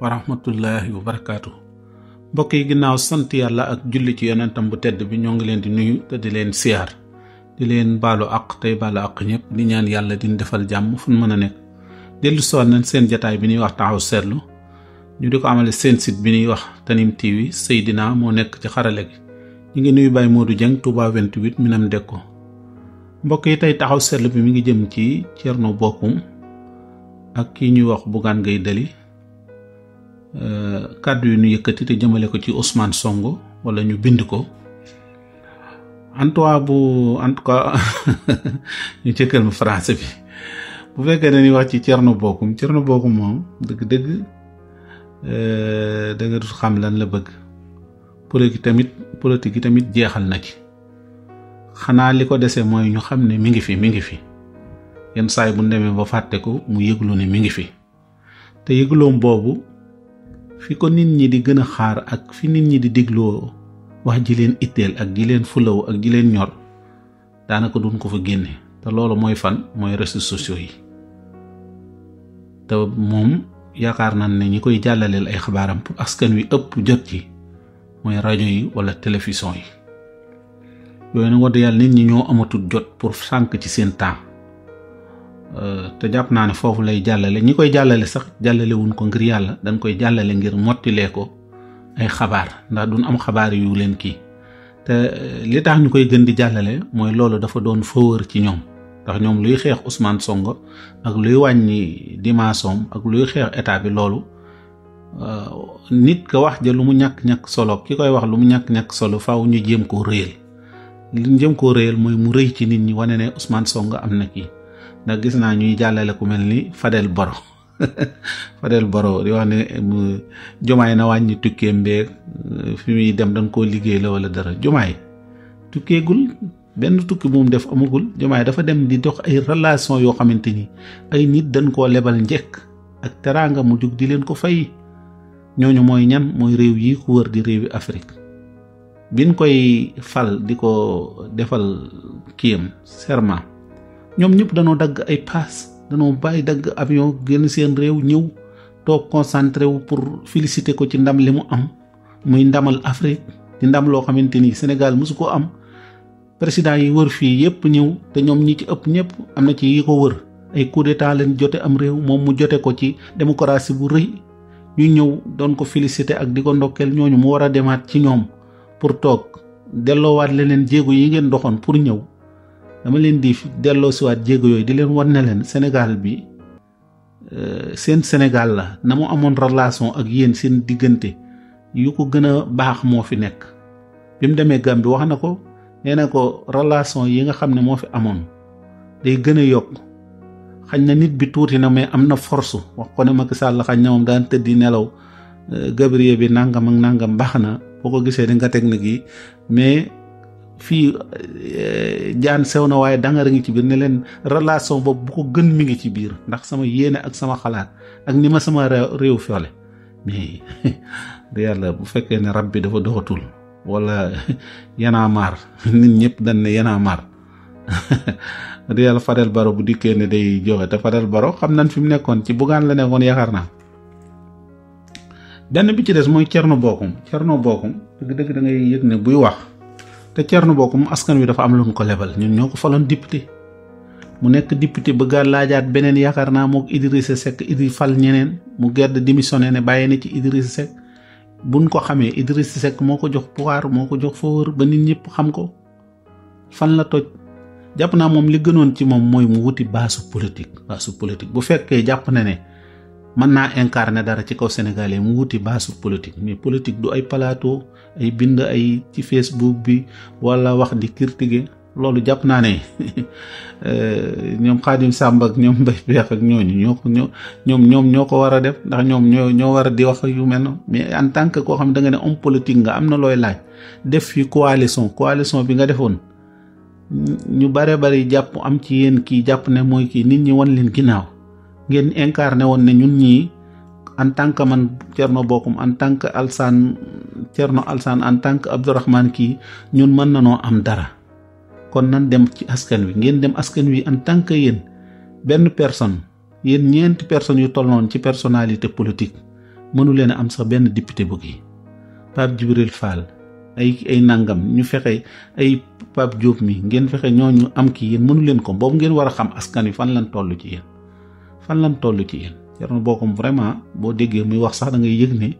wa rahmatullahi wa mbokk yi ginnaaw sant yàlla ak julli ci yonentam bu tedd bi ñoo ngi leen di nuyu te di leen siyaar di leen baalu àq tey baalu àq ñëpp di ñaan yàlla di defal jàmm fu mën a nekk. dellu soon na seen jataay bi ñuy wax taxaw seetlu ñu di ko amale seen sit bi ñuy wax Tanim TV Seydina moo nekk ci xarale gi ñu ngi nuyu Baye Modou Dieng Touba 28 Minam ko mbokk yi tey taxaw seetlu bi mi ngi jëm ci Thierno Bocoum ak kii ñuy wax Bougane Gueye Euh, kàddu yu ñu yëkkati te jëmale ko ci Ousmane songo wala ñu bind ko en tout bu en tout cas ñu jëkkal ma français bi bu fekkee dañuy wax ci Thierno Bocoum Thierno Bocoum moom dëgg-dëgg euh, da nga xam lan la bëgg politique tamit politique yi tamit jeexal na ci xanaa li ko dese mooy ñu xam ne mi ngi fi mi ngi fi yenn saay bu demee ba fàtte ko mu yëglu ne mi ngi fi te yëgloom boobu. fi ko nit ñi di gën a xaar ak fi nit ñi di dégloo wax ji leen itteel ak ji leen fulaw ak ji leen ñor daanaka duñ ko fa génne te loolu mooy fan mooy réseaux sociaux yi te moom yaakaar naa ne ñi koy jàllaleel ay xabaaram pour askan wi ëpp jot ci mooy rajo yi wala télévision yi yooyu nag wax yàlla nit ñi ñoo amatul jot pour sànq ci seen temps Euh, te jàpp naa ne foofu lay jàllale ñi koy jàllale sax jàllale wuñ ko ngir yàlla dañ koy jàllale ngir mottilee ko ay xabaar ndax duñ am xabaar yu leen kii te euh, li tax ñu koy gën di jàllale mooy loolu dafa doon fëwër ci ñoom ndax ñoom luy xeex usmaan songo ak luy wàññi dimension ak luy xeex état bi loolu euh, nit ka wax ja lu mu ñàkk-ñàkk solo ki koy wax lu mu ñàkk-ñàkk solo faw ñu jéem koo réyal li ñu jéem koo réyal mooy mu rëy ci nit ñi wane ne Ousmane Sonko am na kii ndax gis naa ñuy jàllale ku mel ni Fadel Boro Fadel Boro di wax ne jumaay na wàññi tukkee mbéeg fi muy dem dañ koo liggéey la wala dara jumaay tukkeegul benn tukki bu mu def amagul jumaay dafa dem di dox ay relation yoo xamante ni ay nit dañ koo lebal njëkk ak teraanga mu jug di leen ko fay ñooñu mooy ñan mooy réew yi ku wër di réewi Afrique biñ koy fal di ko defal kiyam serment ñoom ñëpp danoo dagg ay paas danoo bàyyi dagg avion génn seen réew ñëw toog concentré wu pour féliciter ko ci ndam li mu am muy ndamal Afrique di ndam loo xamante ni Sénégal mosu ko am président yi wër fii yëpp ñëw te ñoom ñi ci ëpp ñëpp am na ci yi ko wër ay coup d'état jote am réew moom mu jote ko ci démocratie bu rëy ñu ñëw doon ko féliciter ak di ko ndokkeel ñooñu mu war a demaat ci ñoom pour toog delloowaat leneen jéego yi ngeen doxoon pour ñëw dama leen di delloo siwaat jéego yooyu di leen wan ne leen Sénégal bi euh, seen Sénégal la na mu amoon relation ak yéen seen diggante yu ko gën a baax moo fi nekk bi mu demee Gambie wax na ko nee na ko relation yi nga xam ne moo fi amoon day gën a yokk xañ na nit bi tuuti na mais am na force wax ko ne Macky Sall xañ na moom daan tëddi nelaw euh, Gabriel bi nangam ak nangam baax na boo ko gisee di nga technique yi mais fii eh, jaan sew na waaye dangar ngi ci biir ne leen relation boobu bu ko gën mi ngi ci biir ndax sama yéene ak sama xalaat ak ni ma sama réew fiole mais bu fekkee ne rab bi dafa doxatul wala yanaamaar nit ñëpp dañ ne yanaamaar da yàlla bu dikkee ne day joxe te Fadel Baro xam nañ fi mu nekkoon ci bugaan la nekkoon yaakaar naa benn bi ci des mooy Cerno Bokkum Cerno Bokkum dëgg-dëgg yëg ne buy wax te boo ko mu askan wi dafa am lu ñu ko lebal ñun ñoo ko faloon député mu nekk député bëgg a laajaat beneen yaakaar naa moog Idrissa Seck Idri fal ñeneen mu gedd démissionné ne bàyyi na ci Idrissa Seck buñ ko xamee Idrissa Seck moo ko jox pouvoir moo ko jox faveur ba nit ñëpp xam ko fan la toj jàpp naa moom li gënoon ci moom mooy mu wuti baasu politique baasu politique bu fekkee jàpp na ne. mën naa incarner dara ci kaw sénégalais mu wuti baasu politique mais politique du ay plateau ay bind ay ci Facebook bi wala wax di critiquer loolu jàpp naa ne euh, ñoom Xaadim Sàmb ak ñoom Mbay Peex ak ñooñu ñoo ko ñoo ñoom ñoom ñoo ko war a def ndax ñoom ñoo ñoo war a di wax yu mel noonu mais en tant que koo xam ne da ne homme politique nga am na looy laaj def fi coalition coalition bi nga defoon ñu bare bari jàpp am ci yéen kii jàpp ne mooy kii nit ñi wan leen ginnaaw ngeen incarné woon ne ñun ñii en tant que man Thierno Bocoum en tant que Alsaan Thierno Alsaan en tant que Abdourahmane kii ñun mën na nanoo am dara kon nan dem ci askan wi ngeen dem askan wi en tant que yéen benn personne yéen ñeenti personnes yu toll noonu ci personnalité politique mënu leen am sax benn député bu kii Pape Djibril Fall ay ay nangam ñu fexe ay Pape Diop mi ngeen fexe ñoo ñu am kii yéen mënu leen ko boobu ngeen war a xam askan wi fan lan tollu ci yéen. fan lan toll ci yéen Thierno Bocoum vraiment boo déggee muy wax sax da ngay yëg ne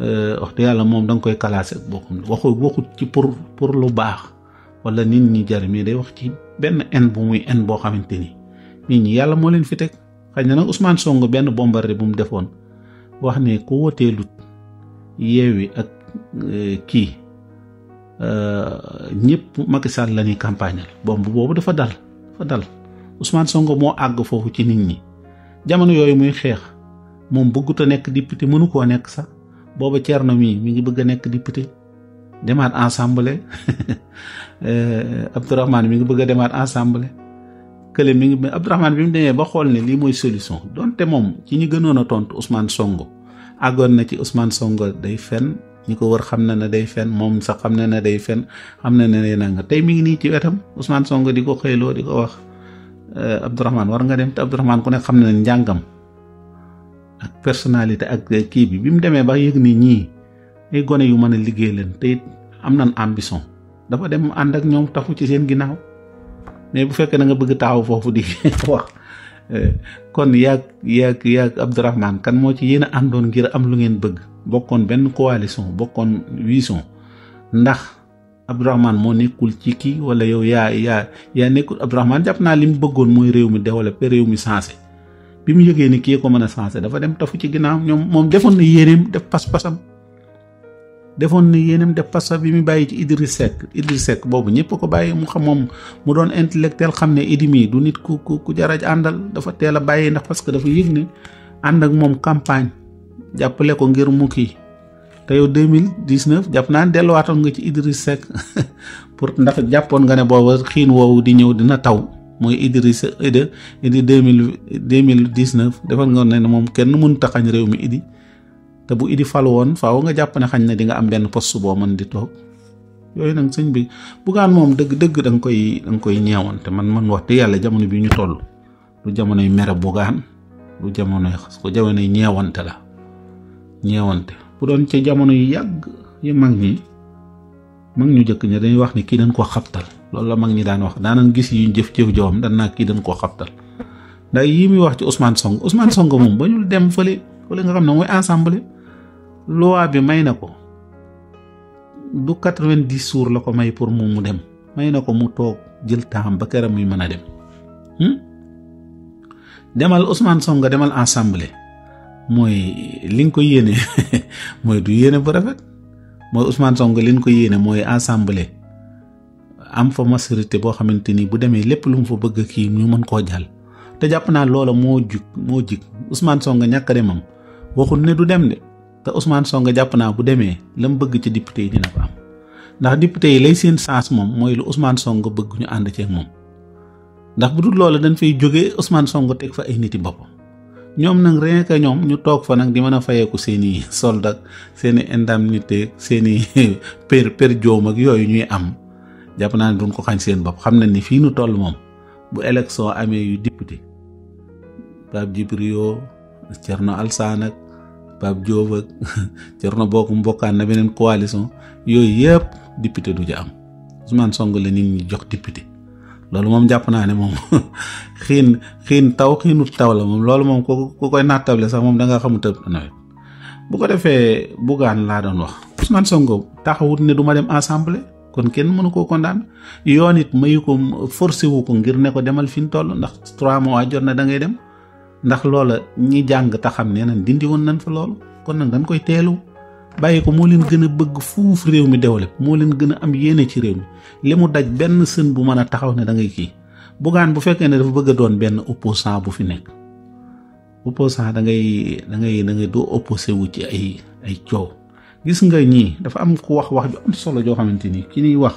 euh, wax dëgg yàlla moom da nga koy classé ak Bocoum waxu waxut ci pour pour lu baax wala nit ñi jar mi day wax ci benn en bu muy en boo xamante ni nit ñi yàlla moo leen fi teg xëy na nag Ousmane Sonko benn bombardé bu mu defoon wax ne ku woteelut yeewi ak euh, kii euh, ñëpp Macky Sall la campagne bomb boobu dafa dal dafa dal Ousmane Sonko moo àgg foofu ci nit ñi jamono yooyu muy xeex moom bëggut a nekk député mënu koo nekk sax booba Thierno mii mu ngi bëgg a nekk député demaat assemblée euh, Abdourahmane mi ngi bëgg a demaat assemblée kële mi ngi Abdourahmane bi mu demee ba xool ne lii mooy solution donte moom ci ñi gënoon a tontu usmaan songo àggoon na ci Ousmane Sonko day fen ñi ko war xam na ne day fen moom sax xam na ne day fen xam na ne nee na tey mi ngi nii ci wetam Ousmane Sonko di ko xëyloo di ko wax. Euh, Abdourahmane war nga dem te Abdourahmane ku ne xam na ne njàngam ak personnalité ak kii bi bi mu demee ba yëg ni ñii ay gone yu mën a liggéey leen te it am nañ ambition dafa dem ànd ak ñoom tafu ci seen ginnaaw mais bu fekkee na nga bëgg taxaw foofu di wax euh, kon yaag yaag yaag Abdourahmane kan moo ci yéen a àndoon ngir am lu ngeen bëgg bokkoon benn coalition bokkoon vision ndax. Abdourahmane moo nekkul ci kii wala yow yaa yaa yaa nekkul Abdourahmane jàpp naa li mu bëggoon mooy réew mi développé réew mi sensé bi mu yëgee ni kii ko mën a sensé dafa dem tafu ci ginnaaw ñoom moom defoon na yéeneem def pas-pasam defoon na yéeneem def pas bi mu bàyyi ci Idriss Seck Idriss Seck boobu ñëpp ko bàyyi mu xam moom mu doon intellectuel xam ne Idi du nit ku ku ku a àndal dafa teela bàyyi ndax parce que dafa yëg ne ànd ak moom campagne jàppale ko ngir mu kii te yow deux mille dix neuf jàpp naa ne delluwaatoon nga ci Idriss Seck pour ndax jàppoon nga ne booba xiin woowu di ñëw dina taw mooy Idriss Ida Idi deux mille deux mille dix neuf defoon nga ne moom kenn mënut a xañ réew mi Idi te bu Idi fal woon faaw nga jàpp xañ ne di nga am benn poste boo mën di toog. yooyu nag sëñ bi bugaan moom dëgg dëgg da nga koy da nga koy ñeewante man man wax dëgg yàlla jamono bi ñu toll lu jamonoy mere bugaan lu jamonoy xas ko jamonoy ñeewante la ñeewante. bu doon ca jamono yu yàgg yu mag ñi mag ñu jëkk ña dañuy wax ni kii dañ koo xabtal loolu la mag ñi daan wax daanan gis yuñ jëf-jëf jowam dan kii dañ koo xabtal ndax yii muy wax ci Ousmane song Ousmane Sonko moom ba ñu dem fële fële nga xam ne mooy ensemble loi bi may na ko du quatre-vingt-dix jours la ko may pour mu mu dem may na ko mu toog jël temps ba këram muy mën a dem hmm? demal song Sonko demal ensemble mooy li nga ko yéene mooy du yéene bu rafet mooy Ousmane song li nga ko yéene mooy assemblée am fa boo xamante ni bu demee lépp lu mu bëgg kii ñu mën koo jàll te jàpp naa loola moo jug moo jig Ousmane Sonko ñàkk demam waxul ne du dem te Ousmane Sonko jàpp naa bu demee la mu bëgg ci député yi dina ndax député yi lay seen sens moom mooy lu Ousmane Sonko bëgg ñu ànd ceeg moom ndax bu dul loola dañ fay jóge Ousmane song teg fa ay niti boppam ñoom nag rien ñoom ñu toog fa nag di mën a fayeeku seen i solde ak seen i indemnité seen i per per joom ak yooyu ñuy am jàpp naa ne duñ ko xañ seen bopp xam nañ ni fii nu toll moom bu élection amee yu député Pape Djibril Thierno Alsaan ak Pape Diop ak na bokk mbokkaan na beneen coalition yooyu yëpp député du ja am Ousmane Sonko la nit ñi jox député loolu moom jàpp naa ne moom xiin xiin taw xiinut taw la moom loolu moom ku ku koy nattable sax moom da nga xamut nawet bu ko defee Bougane laa doon wax. Ousmane Sonko taxawut ne du ma dem assemblée kon kenn mënu koo condamné yoon it mayu ko forcé wu ko ngir ne ko demal fi mu toll ndax trois mois jot na da ngay dem ndax loola ñi jàng te xam ne nañ dindi woon nañ fa loolu kon nag dañ koy teelu bàyyi ko moo leen gën a bëgg fuuf réew mi développé moo leen gën a am yéene ci réew mi li mu daj benn sën bu mën a taxaw ne da ngay kii bugaan bu fekkee ne dafa bëgg doon benn opposant bu fi nekk opposant da ngay da ngay da ngay doo opposé wu ci ay ay coow gis nga ñii dafa am ku wax wax ju am solo joo xamante ni ki ñuy wax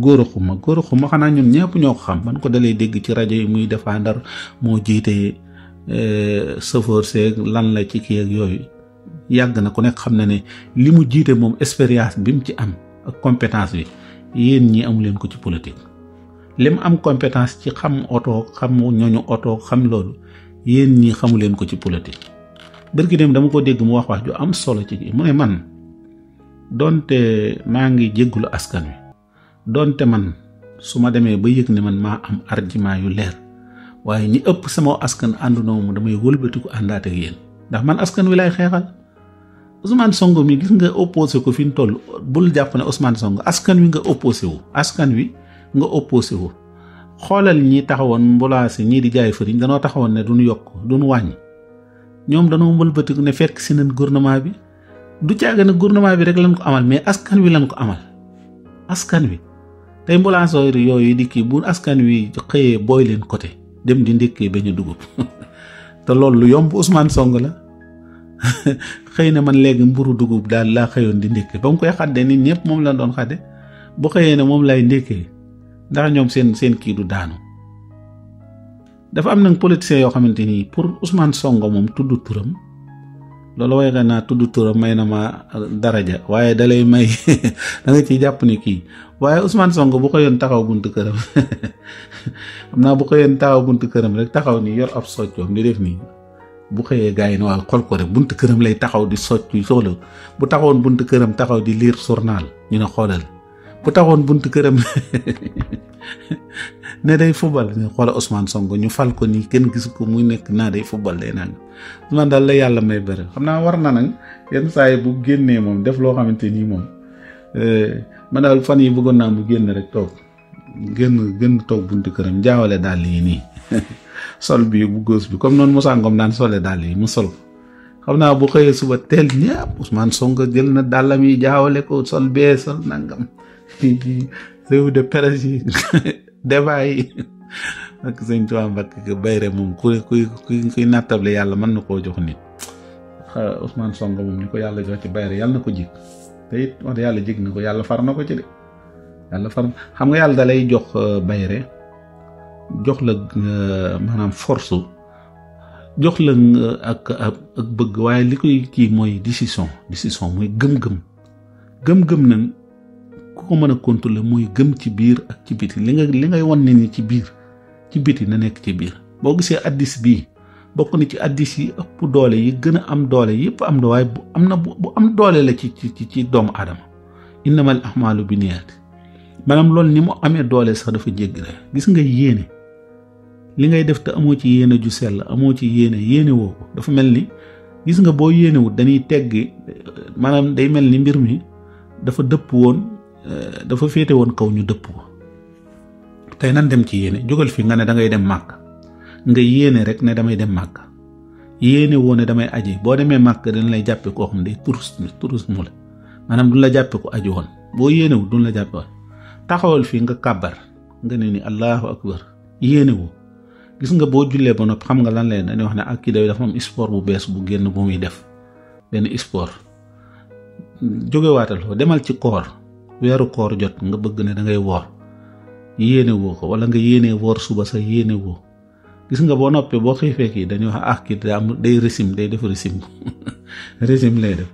góor xuma góor xuma xanaa ñun ñëpp ñoo ko xam man ko dalee dégg ci rajo yi muy défendre moo jiite euh, chauffeur seeg lan la ci kii ak yooyu yàgg na ku nekk xam na ne li mu jiite moom expérience bi mu ci am ak compétence bi yéen ñi amu leen ko ci politique li mu am compétence ci xam oto xam ñooñu oto xam loolu yéen ñi xamu leen ko ci politique bërki dem dama ko dégg mu wax wax ju am solo ci mu ne man donte maa ngi jéggulu askan wi donte man su ma demee ba yëg ne man maa am argument yu leer waaye ñi ëpp sama askan àndunoo mu damay wëlbatiku àndaat ak yéen ndax man askan wi lay xeexal Ousmane Sonko mi gis nga opposé ko fi mu toll bul jàpp ne Ousmane Sonko askan wi nga opposé wu askan wi nga opposé wo xoolal ñi taxawoon mbulaase ñii di jaay fëriñ danoo taxawoon ne duñu yokk duñu wàññi ñoom danoo mbëlbatiku ne fekk si nañ gouvernement bi du caaga ne gouvernement bi rek lan ko amal mais askan wi lañ ko amal askan wi tey mbulaase yooyu di kii bu askan wi xëyee booy leen côté dem di ndékkee bañ a dugub te loolu lu yomb Ousmane Sonko la xëy na man léegi mburu dugub daal laa xëyoon di ndékkee ba mu koy xadde nit ñëpp moom la doon xadde bu xëyee ne moom lay ndékkee ndax ñoom seen seen kii du daanu dafa am nag politiciens yoo xamante ni pour Ousmane songo moom tudd turam loolu way nga naa tudd turam may na ma daraja waaye dalay may da nga ciy jàpp ni kii waaye Ousmane songo bu ko taxaw buntu këram xam naa bu ko yoon taxaw buntu këram rek taxaw nii yor ab soccoom di def nii bu xëyee gaa yi ne waaw xool ko rek buntu këram lay taxaw di soccu soxla bu taxawoon buntu këram taxaw di lire journal ñu ne xoolal bu taxawoon buntu këram ne day fubal ñu xoola Ousmane Sonko ñu fal ko nii kenn gis ko muy nekk naa day fubal day naan man daal la yàlla may bëri xam naa war na nag yenn saa yi bu génnee moom def loo xamante nii moom eh, man daal fan yi bëggoon naa mu génn rek toog génn génn toog buntu këram jaawale daal lii nii sol bi bu góos bi comme noonu Moussa Ngom daan sole dàll yi mu sol xam naa bu xëyee suba teel ñëpp Ousmane Sonko jël na dàllam yi jaawale ko sol bee sol nangam réew de presse yi débat yi ak sëñ Tuubaa Mbàkke bayre moom ku kuy kuy nattable yàlla mën na koo jox nit Ousmane moom ni ko yàlla jox ci bayre yàlla na ko jig te yàlla jig na ko yàlla far na ko ci de yàlla far xam nga yàlla dalay jox euh, bayre jox la euh, maanaam force jox la euh, ak ak bëgg waaye li koy kii mooy décision décision muy gëm-gëm gëm-gëm nag ku ko mën a contrôler mooy gëm ci biir ak ci biti li nga li ngay wan ne ni ci biir ci biti na nekk ci biir boo gisee addis bii bokk na ci addis yi ëpp doole yi gën a am doole yëpp am na waaye bu am na bu am doole la ci ci ci doomu aadama innamal bi binniyaat maanaam loolu ni mu amee doole sax dafa jéggi gis nga yéene li ngay def te amoo ci yéene ju sell amoo ci yéene yéene woo ko dafa mel ni gis nga boo yéenewut dañuy tegg euh, maanaam day mel ni mbir mi dafa dëpp woon euh, dafa féete woon kaw ñu dëpp ko tey nan dem ci yéene jógal fi nga ne da dem màkk nga yéene rek ne damay dem màkk yéene woo ne damay aji boo demee màkk dañ lay jàppe koo xam ne day tourisme tourisme la maanaam la jàppe ko aji boo yéenewut duñ la jàppe woon taxawal fii nga kàbbar nga ne ni allahu akbar yéene gis nga boo jullee ba noppi xam nga lan leen dañuy wax ne ak kii day dafa am sport bu bees bu génn bu muy def benn sport jógewaatal foofu demal ci koor weeru koor jot nga bëgg ne da ngay woor yéene woo ko wala nga yéene woor suba sa yéene woo gis nga boo noppee boo xiifee kii dañuy wax ak ah kii am day régime day def régime régime lay def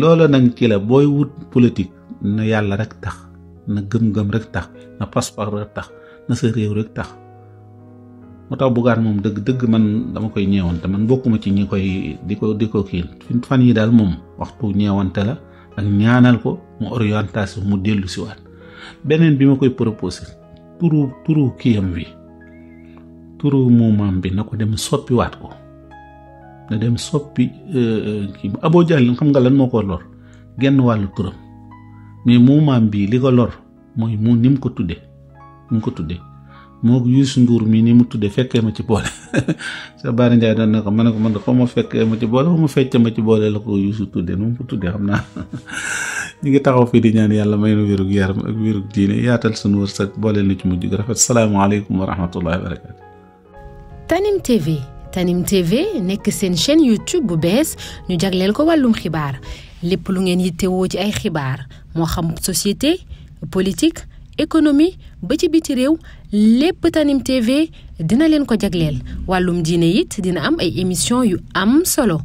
loolu nag ci la booy wut politique na yàlla rek tax na gëm-gëm rek tax na pas-pas rek tax na sa réew rek tax moo tax bugaan moom dëgg dëgg man dama koy ñeewante man bokkuma ci ñi koy di ko di ko kii fan yi daal moom waxtu ñeewante la ak ñaanal ko mu orientation mu dellu si waat beneen bi ma koy proposé turu turu kiyam bi turu muumaam bi na ko dem soppi waat ko na dem soppi euh, euh, kii aboo jaalin xam nga lan moo ko lor genn wàllu turam mais muumaam bii li ko lor mooy mu ni mu ko tudde mu ko tuddee moo Youssou Ndour mii nii mu tuddee fekkee ma ci boole sa Baara Ndiaye doon na ko ma ne ko man xaw ma fekkee ma ci boole xaw ma fecce ma ci boole la ko Youssou tuddee nu mu ko tuddee xam naa ñu ngi taxaw fii di ñaan yàlla may nu wérug yaram ak wérug diine yaatal sunu wërsëg boole na ci mujj gu rafet salaamaaleykum wa rahmatullahi wa barakatu Tanim TV Tanim TV nekk seen chaîne YouTube bu bees ñu jagleel ko wàllum xibaar lépp lu ngeen yittewoo ci ay xibaar moo xam société politique économie ba ci biti réew lépp Tanim dina leen ko jagleel wàllum diine it dina am ay émission yu am solo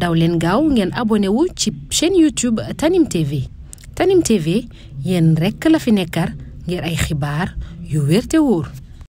daw leen gaaw ngeen abonné wu ci chaîne YouTube Tanim TV Tanim TV yéen rekk la fi nekkar ngir ay xibaar yu wér woor